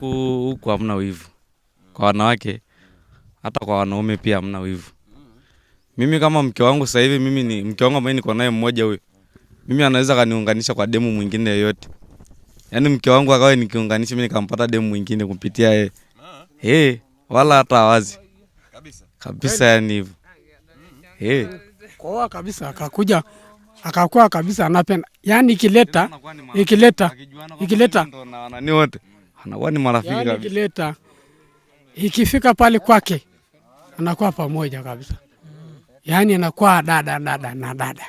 Huku hamna wivu kwa wanawake, hata kwa wanaume pia hamna wivu. Mimi kama mke wangu sasa hivi, mimi ni mke wangu ambaye niko naye mmoja huyo, mimi anaweza kaniunganisha kwa demu mwingine yoyote, yaani mke wangu akawa nikiunganisha mimi nikampata demu mwingine kupitia yeye hey, wala hata wazi kabisa, yani hivyo hey. Kwa kabisa akakuja akakuwa kabisa anapenda, yaani ikileta ikileta ikileta nani wote anakuwa ni marafiki yani kabisa. Kileta ikifika pale kwake anakuwa pamoja kabisa, yaani anakuwa dada dada na dada,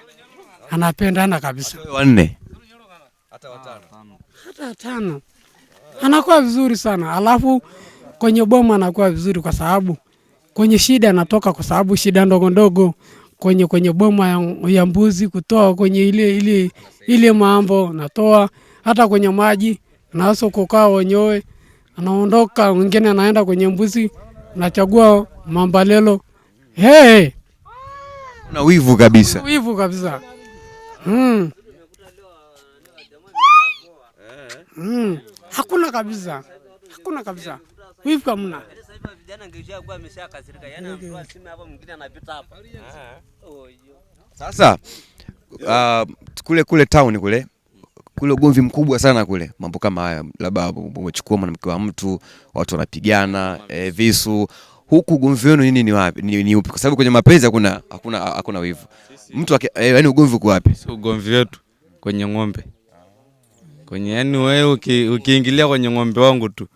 anapendana kabisa, wanne hata watano hata watano, anakuwa vizuri sana. Alafu kwenye boma anakuwa vizuri kwa sababu kwenye shida anatoka, kwa sababu shida ndogo ndogo kwenye kwenye boma ya mbuzi kutoa kwenye ile ile ile mambo natoa, hata kwenye maji naso kukaa wenyewe, anaondoka mwingine anaenda kwenye mbuzi, anachagua mambalelo. Hey, na wivu kabisa, wivu kabisa mm. Mm. Hakuna kabisa, hakuna kabisa wivu kamna sasa. Uh, kule kule town kule kule ugomvi mkubwa sana kule, mambo kama haya, labda umechukua mwanamke wa mtu, watu wanapigana eh, visu huku ugomvi wenu nini ni wapi? Ni, ni upi? Kwa sababu kwenye mapenzi hakuna hakuna hakuna wivu. Mtu eh, yaani ugomvi uko wapi? Si ugomvi wetu kwenye ng'ombe. Kwenye yani wewe uki, ukiingilia kwenye ng'ombe wangu tu.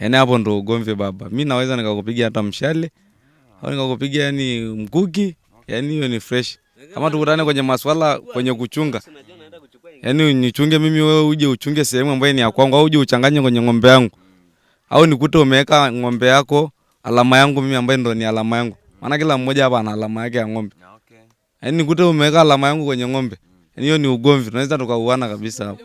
yani hapo ndo ugomvi baba. Mimi naweza nikakupiga hata mshale au nikakupiga yani mkuki. yani hiyo ni fresh. Kama tukutane kwenye maswala kwenye kuchunga yaani unichunge mimi, wewe uje uchunge sehemu ambayo ni ya kwangu, au uje uchanganye kwenye ng'ombe yangu, au nikute umeweka ng'ombe yako alama yangu mimi ambayo ndo ni alama yangu, maana kila mmoja hapa ana alama yake ya ng'ombe. Ah, yaani nikute umeweka alama yangu kwenye ng'ombe, yaani hiyo ni ugomvi, tunaweza tukauana kabisa hapo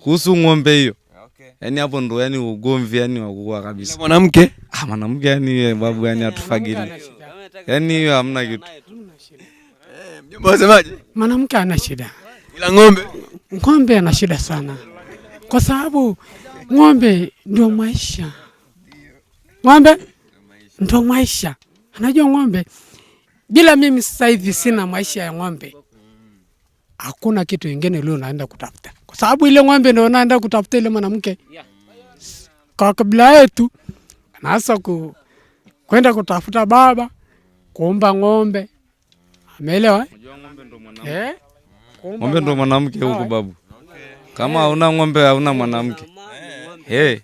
kuhusu ng'ombe hiyo. Ah, yaani hapo ndo yani ugomvi yani wa kuua kabisa. Mwanamke? Ah, mwanamke yani babu yani atufagili. Yaani hiyo hamna kitu. Eh, mjomba unasemaje? Mwanamke ana shida. Ila ng'ombe ng'ombe ana shida sana, kwa sababu ng'ombe ndio maisha, ng'ombe ndio maisha. Anajua ng'ombe, bila mimi sasa hivi sina maisha ya ng'ombe, hakuna kitu kingine leo naenda kutafuta, kwa sababu ile ng'ombe ndio naenda kutafuta ile mwanamke kwa kabila yetu, naasa ku kwenda kutafuta baba kuomba ng'ombe, ameelewa eh? Ng'ombe ndo mwanamke huku babu, kama hauna ng'ombe hauna mwanamke. Hey.